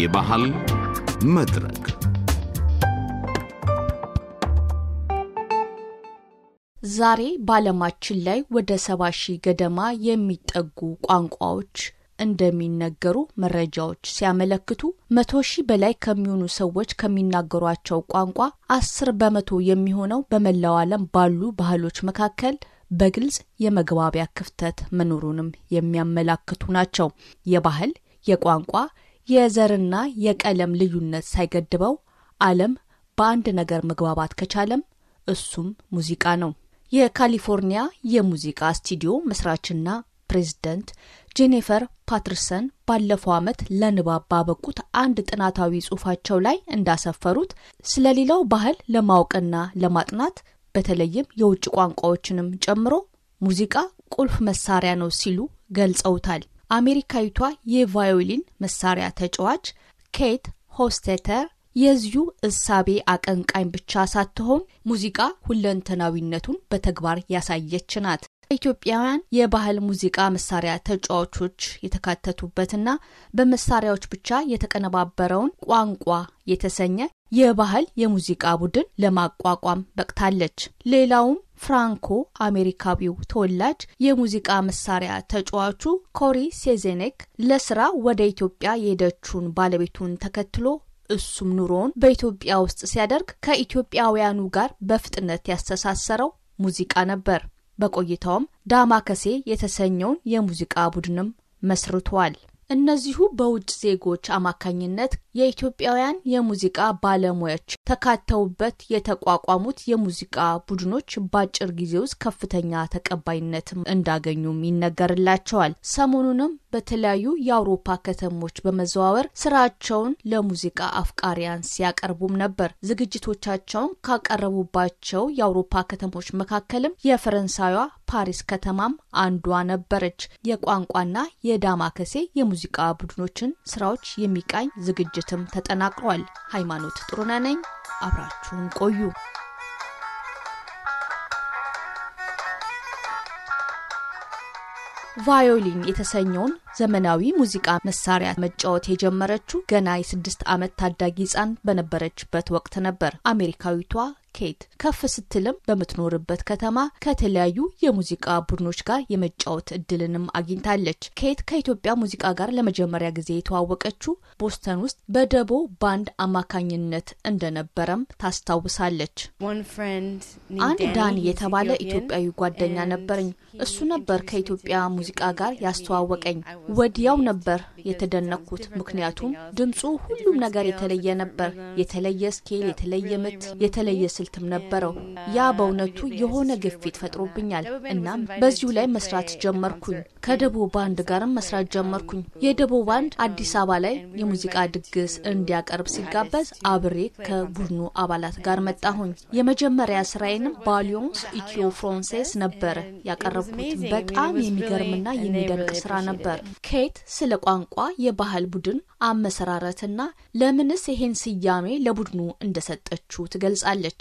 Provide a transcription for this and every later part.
የባህል መድረክ ዛሬ በዓለማችን ላይ ወደ ሰባ ሺህ ገደማ የሚጠጉ ቋንቋዎች እንደሚነገሩ መረጃዎች ሲያመለክቱ መቶ ሺህ በላይ ከሚሆኑ ሰዎች ከሚናገሯቸው ቋንቋ አስር በመቶ የሚሆነው በመላው ዓለም ባሉ ባህሎች መካከል በግልጽ የመግባቢያ ክፍተት መኖሩንም የሚያመላክቱ ናቸው። የባህል የቋንቋ የዘርና የቀለም ልዩነት ሳይገድበው ዓለም በአንድ ነገር መግባባት ከቻለም እሱም ሙዚቃ ነው። የካሊፎርኒያ የሙዚቃ ስቱዲዮ መስራችና ፕሬዚደንት ጄኒፈር ፓትርሰን ባለፈው ዓመት ለንባብ ባበቁት አንድ ጥናታዊ ጽሑፋቸው ላይ እንዳሰፈሩት ስለሌላው ባህል ለማወቅና ለማጥናት በተለይም የውጭ ቋንቋዎችንም ጨምሮ ሙዚቃ ቁልፍ መሳሪያ ነው ሲሉ ገልጸውታል። አሜሪካዊቷ የቫዮሊን መሳሪያ ተጫዋች ኬት ሆስቴተር የዚሁ እሳቤ አቀንቃኝ ብቻ ሳትሆን ሙዚቃ ሁለንተናዊነቱን በተግባር ያሳየች ናት። ኢትዮጵያውያን የባህል ሙዚቃ መሳሪያ ተጫዋቾች የተካተቱበትና በመሳሪያዎች ብቻ የተቀነባበረውን ቋንቋ የተሰኘ የባህል የሙዚቃ ቡድን ለማቋቋም በቅታለች። ሌላውም ፍራንኮ አሜሪካዊው ተወላጅ የሙዚቃ መሳሪያ ተጫዋቹ ኮሪ ሴዜኔክ ለስራ ወደ ኢትዮጵያ የሄደችውን ባለቤቱን ተከትሎ እሱም ኑሮውን በኢትዮጵያ ውስጥ ሲያደርግ ከኢትዮጵያውያኑ ጋር በፍጥነት ያስተሳሰረው ሙዚቃ ነበር። በቆይታውም ዳማከሴ የተሰኘውን የሙዚቃ ቡድንም መስርቷል። እነዚሁ በውጭ ዜጎች አማካኝነት የኢትዮጵያውያን የሙዚቃ ባለሙያዎች ተካተውበት የተቋቋሙት የሙዚቃ ቡድኖች በአጭር ጊዜ ውስጥ ከፍተኛ ተቀባይነት እንዳገኙም ይነገርላቸዋል። ሰሞኑንም በተለያዩ የአውሮፓ ከተሞች በመዘዋወር ስራቸውን ለሙዚቃ አፍቃሪያን ሲያቀርቡም ነበር። ዝግጅቶቻቸውን ካቀረቡባቸው የአውሮፓ ከተሞች መካከልም የፈረንሳይዋ ፓሪስ ከተማም አንዷ ነበረች። የቋንቋና የዳማከሴ የሙዚቃ ቡድኖችን ስራዎች የሚቃኝ ዝግጅትም ተጠናቅሯል። ሃይማኖት ጥሩነህ ነኝ። አብራችሁን ቆዩ። ቫዮሊን የተሰኘውን ዘመናዊ ሙዚቃ መሳሪያ መጫወት የጀመረችው ገና የስድስት ዓመት ታዳጊ ህፃን በነበረችበት ወቅት ነበር። አሜሪካዊቷ ኬት ከፍ ስትልም በምትኖርበት ከተማ ከተለያዩ የሙዚቃ ቡድኖች ጋር የመጫወት እድልንም አግኝታለች። ኬት ከኢትዮጵያ ሙዚቃ ጋር ለመጀመሪያ ጊዜ የተዋወቀችው ቦስተን ውስጥ በደቦ ባንድ አማካኝነት እንደነበረም ታስታውሳለች። አንድ ዳን የተባለ ኢትዮጵያዊ ጓደኛ ነበረኝ። እሱ ነበር ከኢትዮጵያ ሙዚቃ ጋር ያስተዋወቀኝ። ወዲያው ነበር የተደነኩት ምክንያቱም ድምፁ፣ ሁሉም ነገር የተለየ ነበር። የተለየ ስኬል፣ የተለየ ምት፣ የተለየ ስልትም ነበረው። ያ በእውነቱ የሆነ ግፊት ፈጥሮብኛል። እናም በዚሁ ላይ መስራት ጀመርኩኝ። ከደቦ ባንድ ጋርም መስራት ጀመርኩኝ። የደቦ ባንድ አዲስ አበባ ላይ የሙዚቃ ድግስ እንዲያቀርብ ሲጋበዝ አብሬ ከቡድኑ አባላት ጋር መጣሁኝ። የመጀመሪያ ስራዬንም ባሊዮንስ ኢትዮ ፍሮንሴስ ነበር ያቀረብኩት። በጣም የሚገርምና የሚደንቅ ስራ ነበር። ኬት ስለ ቋንቋ፣ የባህል ቡድን አመሰራረትና ለምንስ ይሄን ስያሜ ለቡድኑ እንደሰጠችው ትገልጻለች።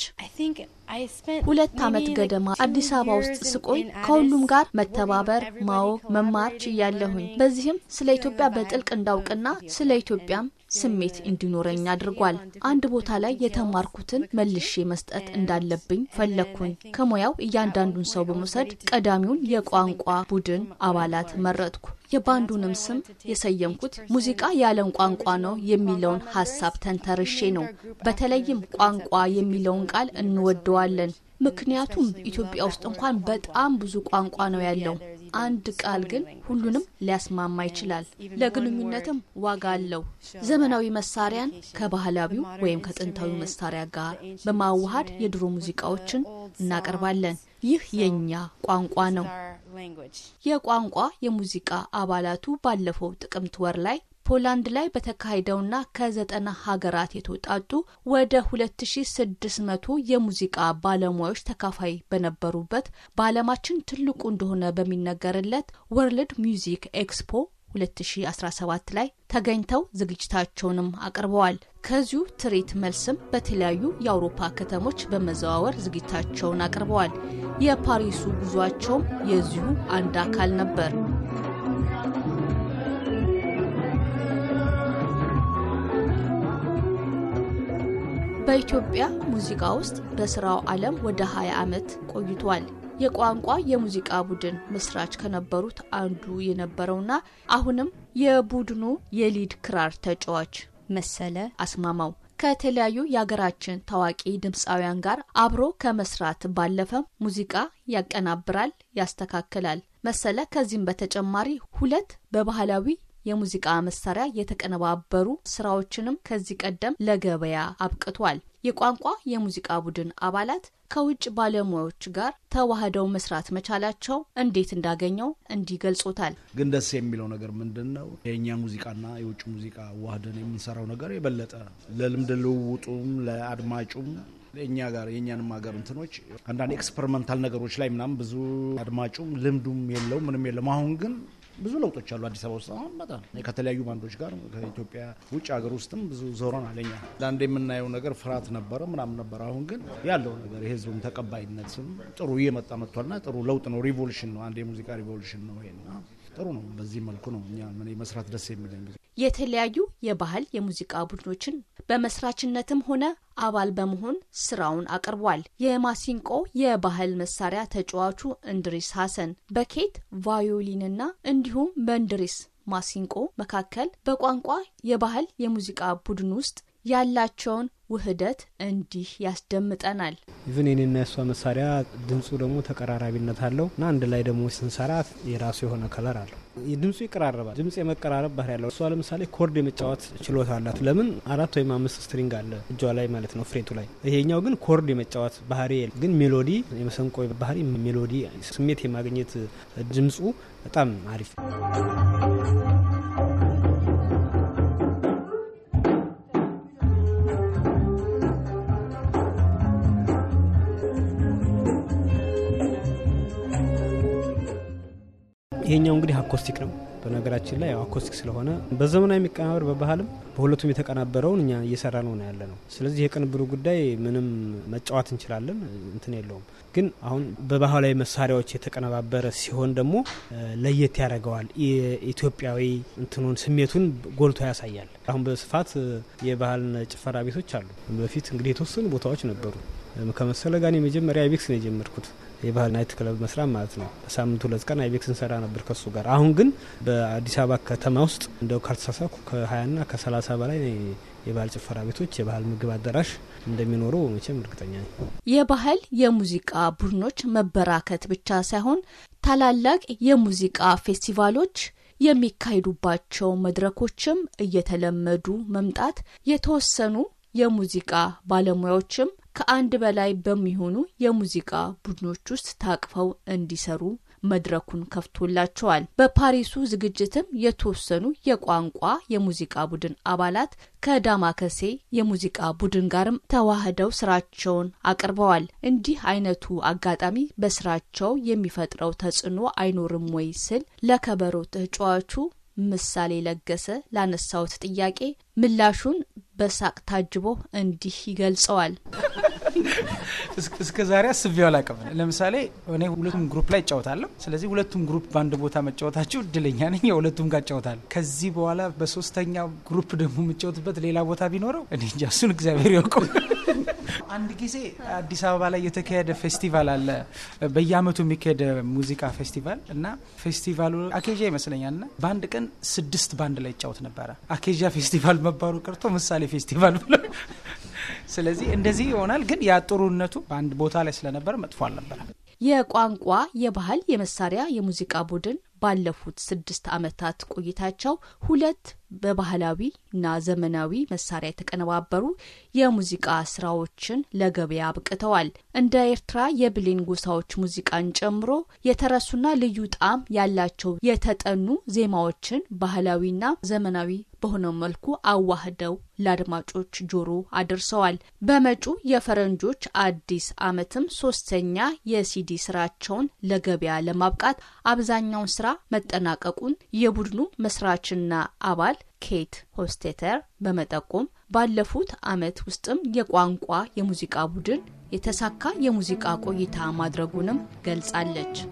ሁለት ዓመት ገደማ አዲስ አበባ ውስጥ ስቆይ ከሁሉም ጋር መተባበር፣ ማወቅ፣ መማር ችያለሁኝ። በዚህም ስለ ኢትዮጵያ በጥልቅ እንዳውቅና ስለ ኢትዮጵያም ስሜት እንዲኖረኝ አድርጓል። አንድ ቦታ ላይ የተማርኩትን መልሼ መስጠት እንዳለብኝ ፈለግኩኝ። ከሙያው እያንዳንዱን ሰው በመውሰድ ቀዳሚውን የቋንቋ ቡድን አባላት መረጥኩ። የባንዱንም ስም የሰየምኩት ሙዚቃ ያለን ቋንቋ ነው የሚለውን ሀሳብ ተንተርሼ ነው። በተለይም ቋንቋ የሚለውን ቃል እንወደዋለን ምክንያቱም ኢትዮጵያ ውስጥ እንኳን በጣም ብዙ ቋንቋ ነው ያለው። አንድ ቃል ግን ሁሉንም ሊያስማማ ይችላል። ለግንኙነትም ዋጋ አለው። ዘመናዊ መሳሪያን ከባህላዊው ወይም ከጥንታዊ መሳሪያ ጋር በማዋሃድ የድሮ ሙዚቃዎችን እናቀርባለን። ይህ የእኛ ቋንቋ ነው። የቋንቋ የሙዚቃ አባላቱ ባለፈው ጥቅምት ወር ላይ ፖላንድ ላይ በተካሄደውና ከዘጠና ሀገራት የተውጣጡ ወደ 2600 የሙዚቃ ባለሙያዎች ተካፋይ በነበሩበት በዓለማችን ትልቁ እንደሆነ በሚነገርለት ወርልድ ሚውዚክ ኤክስፖ 2017 ላይ ተገኝተው ዝግጅታቸውንም አቅርበዋል። ከዚሁ ትርኢት መልስም በተለያዩ የአውሮፓ ከተሞች በመዘዋወር ዝግጅታቸውን አቅርበዋል። የፓሪሱ ጉዟቸውም የዚሁ አንድ አካል ነበር። በኢትዮጵያ ሙዚቃ ውስጥ በስራው ዓለም ወደ 20 ዓመት ቆይቷል። የቋንቋ የሙዚቃ ቡድን መስራች ከነበሩት አንዱ የነበረውና አሁንም የቡድኑ የሊድ ክራር ተጫዋች መሰለ አስማማው ከተለያዩ የሀገራችን ታዋቂ ድምፃውያን ጋር አብሮ ከመስራት ባለፈ ሙዚቃ ያቀናብራል፣ ያስተካክላል። መሰለ ከዚህም በተጨማሪ ሁለት በባህላዊ የሙዚቃ መሳሪያ የተቀነባበሩ ስራዎችንም ከዚህ ቀደም ለገበያ አብቅቷል። የቋንቋ የሙዚቃ ቡድን አባላት ከውጭ ባለሙያዎች ጋር ተዋህደው መስራት መቻላቸው እንዴት እንዳገኘው እንዲህ ገልጾታል። ግን ደስ የሚለው ነገር ምንድን ነው? የእኛ ሙዚቃና የውጭ ሙዚቃ ዋህደን የምንሰራው ነገር የበለጠ ለልምድ ልውውጡም ለአድማጩም እኛ ጋር የእኛንም ሀገር እንትኖች አንዳንድ ኤክስፐሪመንታል ነገሮች ላይ ምናምን ብዙ አድማጩም ልምዱም የለው ምንም የለም። አሁን ግን ብዙ ለውጦች አሉ አዲስ አበባ ውስጥ አሁን በጣም ከተለያዩ ባንዶች ጋር ከኢትዮጵያ ውጭ ሀገር ውስጥም ብዙ ዞረን አለኛ ለአንድ የምናየው ነገር ፍርሃት ነበረ ምናምን ነበረ። አሁን ግን ያለው ነገር የህዝቡም ተቀባይነትም ጥሩ እየመጣ መጥቷልና ጥሩ ለውጥ ነው። ሪቮሉሽን ነው። አንድ የሙዚቃ ሪቮሉሽን ነው ይሄና ጥሩ ነው። በዚህ መልኩ ነው እኛ መስራት ደስ የሚለኝ። የተለያዩ የባህል የሙዚቃ ቡድኖችን በመስራችነትም ሆነ አባል በመሆን ስራውን አቅርቧል። የማሲንቆ የባህል መሳሪያ ተጫዋቹ እንድሪስ ሀሰን በኬት ቫዮሊንና እንዲሁም በእንድሪስ ማሲንቆ መካከል በቋንቋ የባህል የሙዚቃ ቡድን ውስጥ ያላቸውን ውህደት እንዲህ ያስደምጠናል። ኢቭን የኔና የሷ መሳሪያ ድምፁ ደግሞ ተቀራራቢነት አለው እና አንድ ላይ ደግሞ ስንሰራት የራሱ የሆነ ከለር አለው ድምፁ ይቀራረባል። ድምፅ የመቀራረብ ባህሪ ያለው እሷ ለምሳሌ ኮርድ የመጫወት ችሎታ አላት። ለምን አራት ወይም አምስት ስትሪንግ አለ እጇ ላይ ማለት ነው፣ ፍሬቱ ላይ። ይሄኛው ግን ኮርድ የመጫወት ባህሪ ግን ሜሎዲ የመሰንቆ ባህሪ ሜሎዲ ስሜት የማግኘት ድምፁ በጣም አሪፍ ነው። ይሄኛው እንግዲህ አኮስቲክ ነው በነገራችን ላይ አኮስቲክ ስለሆነ በዘመናዊ የሚቀናበር በባህልም በሁለቱም የተቀናበረውን እኛ እየሰራ ነው ያለ ነው። ስለዚህ የቅንብሩ ጉዳይ ምንም መጫወት እንችላለን፣ እንትን የለውም። ግን አሁን በባህላዊ መሳሪያዎች የተቀነባበረ ሲሆን ደግሞ ለየት ያደርገዋል። የኢትዮጵያዊ እንትኑን ስሜቱን ጎልቶ ያሳያል። አሁን በስፋት የባህል ጭፈራ ቤቶች አሉ። በፊት እንግዲህ የተወሰኑ ቦታዎች ነበሩ። ከመሰለ ጋር የመጀመሪያ አይቤክስ ነው የጀመርኩት የባህል ናይት ክለብ መስራት ማለት ነው። በሳምንት ሁለት ቀን አይቤክስ እንሰራ ነበር ከሱ ጋር። አሁን ግን በአዲስ አበባ ከተማ ውስጥ እንደው ካልተሳሳኩ ከሀያና ከሰላሳ በላይ የባህል ጭፈራ ቤቶች፣ የባህል ምግብ አዳራሽ እንደሚኖሩ መቼም እርግጠኛ ነኝ። የባህል የሙዚቃ ቡድኖች መበራከት ብቻ ሳይሆን ታላላቅ የሙዚቃ ፌስቲቫሎች የሚካሄዱባቸው መድረኮችም እየተለመዱ መምጣት የተወሰኑ የሙዚቃ ባለሙያዎችም ከአንድ በላይ በሚሆኑ የሙዚቃ ቡድኖች ውስጥ ታቅፈው እንዲሰሩ መድረኩን ከፍቶላቸዋል። በፓሪሱ ዝግጅትም የተወሰኑ የቋንቋ የሙዚቃ ቡድን አባላት ከዳማከሴ የሙዚቃ ቡድን ጋርም ተዋህደው ስራቸውን አቅርበዋል። እንዲህ አይነቱ አጋጣሚ በስራቸው የሚፈጥረው ተጽዕኖ አይኖርም ወይ ስል ለከበሮ ተጫዋቹ ምሳሌ ለገሰ ላነሳውት ጥያቄ ምላሹን በሳቅ ታጅቦ እንዲህ ይገልጸዋል። እስከ ዛሬ አስቤው አላውቅም። ለምሳሌ እኔ ሁለቱም ግሩፕ ላይ እጫወታለሁ። ስለዚህ ሁለቱም ግሩፕ በአንድ ቦታ መጫወታቸው እድለኛ ነኝ። የሁለቱም ጋር እጫወታለሁ። ከዚህ በኋላ በሶስተኛው ግሩፕ ደግሞ የምጫወትበት ሌላ ቦታ ቢኖረው እኔ እንጃ፣ እሱን እግዚአብሔር ያውቀው። አንድ ጊዜ አዲስ አበባ ላይ የተካሄደ ፌስቲቫል አለ። በየአመቱ የሚካሄደ ሙዚቃ ፌስቲቫል እና ፌስቲቫሉ አኬዣ ይመስለኛል ና በአንድ ቀን ስድስት ባንድ ላይ ይጫወት ነበረ። አኬዣ ፌስቲቫል መባሩ ቀርቶ ምሳሌ ፌስቲቫል ብሎ ስለዚህ እንደዚህ ይሆናል። ግን ያ በአንድ ቦታ ላይ ስለነበር መጥፎ አልነበረ። የቋንቋ የባህል የመሳሪያ የሙዚቃ ቡድን ባለፉት ስድስት ዓመታት ቆይታቸው ሁለት በባህላዊና ዘመናዊ መሳሪያ የተቀነባበሩ የሙዚቃ ስራዎችን ለገበያ አብቅተዋል። እንደ ኤርትራ የብሌን ጎሳዎች ሙዚቃን ጨምሮ የተረሱና ልዩ ጣዕም ያላቸው የተጠኑ ዜማዎችን ባህላዊና ዘመናዊ በሆነው መልኩ አዋህደው ለአድማጮች ጆሮ አድርሰዋል። በመጪው የፈረንጆች አዲስ ዓመትም ሶስተኛ የሲዲ ስራቸውን ለገበያ ለማብቃት አብዛኛውን ስራ መጠናቀቁን የቡድኑ መስራችና አባል ኬት ሆስቴተር በመጠቆም ባለፉት አመት ውስጥም የቋንቋ የሙዚቃ ቡድን የተሳካ የሙዚቃ ቆይታ ማድረጉንም ገልጻለች።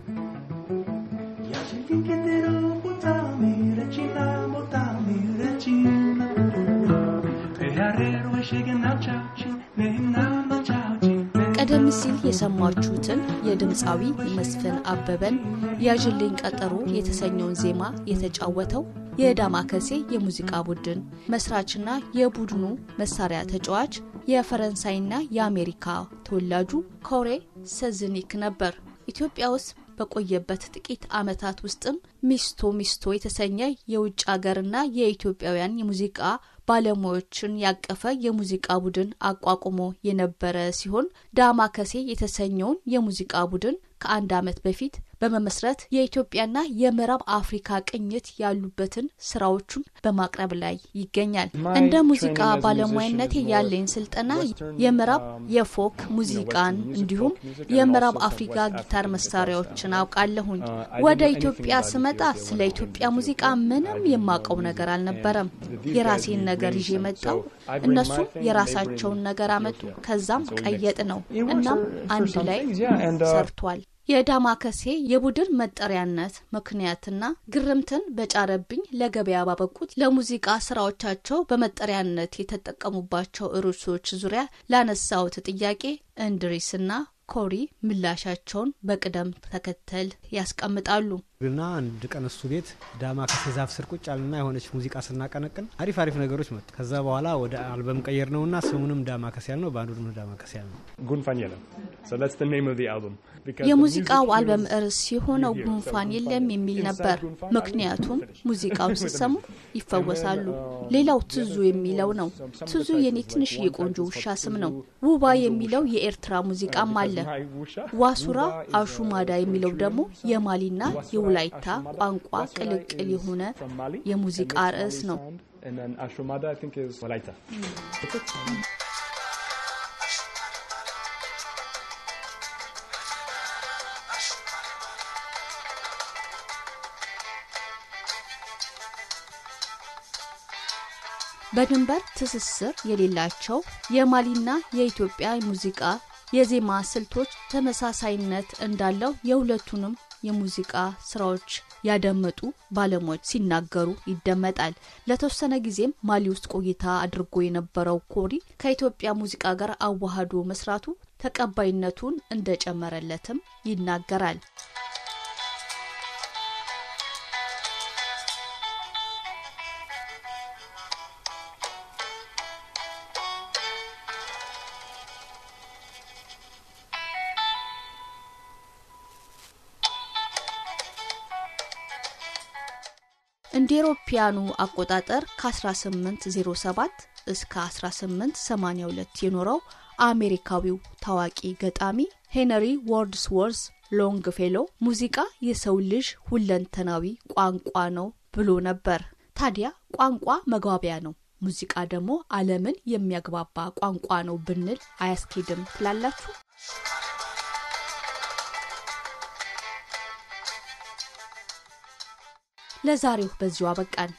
ቀደም ሲል የሰማችሁትን የድምፃዊ መስፍን አበበን ያዥልኝ ቀጠሮ የተሰኘውን ዜማ የተጫወተው የዳማከሴ የሙዚቃ ቡድን መስራችና የቡድኑ መሳሪያ ተጫዋች የፈረንሳይና የአሜሪካ ተወላጁ ኮሬ ሰዝኒክ ነበር። ኢትዮጵያ ውስጥ በቆየበት ጥቂት ዓመታት ውስጥም ሚስቶ ሚስቶ የተሰኘ የውጭ ሀገርና የኢትዮጵያውያን የሙዚቃ ባለሙያዎችን ያቀፈ የሙዚቃ ቡድን አቋቁሞ የነበረ ሲሆን ዳማከሴ የተሰኘውን የሙዚቃ ቡድን ከአንድ ዓመት በፊት በመመስረት የኢትዮጵያና የምዕራብ አፍሪካ ቅኝት ያሉበትን ስራዎቹን በማቅረብ ላይ ይገኛል። እንደ ሙዚቃ ባለሙያነቴ ያለኝ ስልጠና የምዕራብ የፎክ ሙዚቃን እንዲሁም የምዕራብ አፍሪካ ጊታር መሳሪያዎችን አውቃለሁኝ። uh, ወደ ኢትዮጵያ ስመጣ ስለ ኢትዮጵያ ሙዚቃ ምንም የማውቀው ነገር አልነበረም። የራሴን ነገር ይዤ መጣው። እነሱም የራሳቸውን ነገር አመጡ። ከዛም ቀየጥ ነው። እናም አንድ ላይ uh, ሰርቷል። የዳማከሴ የቡድን መጠሪያነት ምክንያትና ግርምትን በጫረብኝ ለገበያ ባበቁት ለሙዚቃ ስራዎቻቸው በመጠሪያነት የተጠቀሙባቸው ርዕሶች ዙሪያ ላነሳውት ጥያቄ እንድሪስና ኮሪ ምላሻቸውን በቅደም ተከተል ያስቀምጣሉ። ግና አንድ ቀን እሱ ቤት ዳማ ከዛፍ ስር ቁጭ አልና የሆነች ሙዚቃ ስናቀነቅን አሪፍ አሪፍ ነገሮች መጡ። ከዛ በኋላ ወደ አልበም ቀየር ነውና ስሙንም ዳማ ከሲያል ነው፣ ባንዱንም ዳማ ከሲያል ነው። ጉንፋን የለም የሙዚቃው አልበም ርዕስ የሆነው ጉንፋን የለም የሚል ነበር። ምክንያቱም ሙዚቃው ሲሰሙ ይፈወሳሉ። ሌላው ትዙ የሚለው ነው። ትዙ የኔ ትንሽ የቆንጆ ውሻ ስም ነው። ውባ የሚለው የኤርትራ ሙዚቃም አለ። ዋሱራ አሹማዳ የሚለው ደግሞ የማሊና የወላይታ ቋንቋ ቅልቅል የሆነ የሙዚቃ ርዕስ ነው። በድንበር ትስስር የሌላቸው የማሊና የኢትዮጵያ ሙዚቃ የዜማ ስልቶች ተመሳሳይነት እንዳለው የሁለቱንም የሙዚቃ ስራዎች ያደመጡ ባለሙያዎች ሲናገሩ ይደመጣል። ለተወሰነ ጊዜም ማሊ ውስጥ ቆይታ አድርጎ የነበረው ኮሪ ከኢትዮጵያ ሙዚቃ ጋር አዋህዶ መስራቱ ተቀባይነቱን እንደጨመረለትም ይናገራል። በአውሮፓውያኑ አቆጣጠር ከ1807 እስከ 1882 የኖረው አሜሪካዊው ታዋቂ ገጣሚ ሄነሪ ዎርድስወርዝ ፌሎ ሙዚቃ የሰው ልጅ ሁለንተናዊ ቋንቋ ነው ብሎ ነበር። ታዲያ ቋንቋ መግባቢያ ነው፣ ሙዚቃ ደግሞ ዓለምን የሚያግባባ ቋንቋ ነው ብንል አያስኬድም ትላላችሁ? ለዛሬው በዚሁ አበቃን።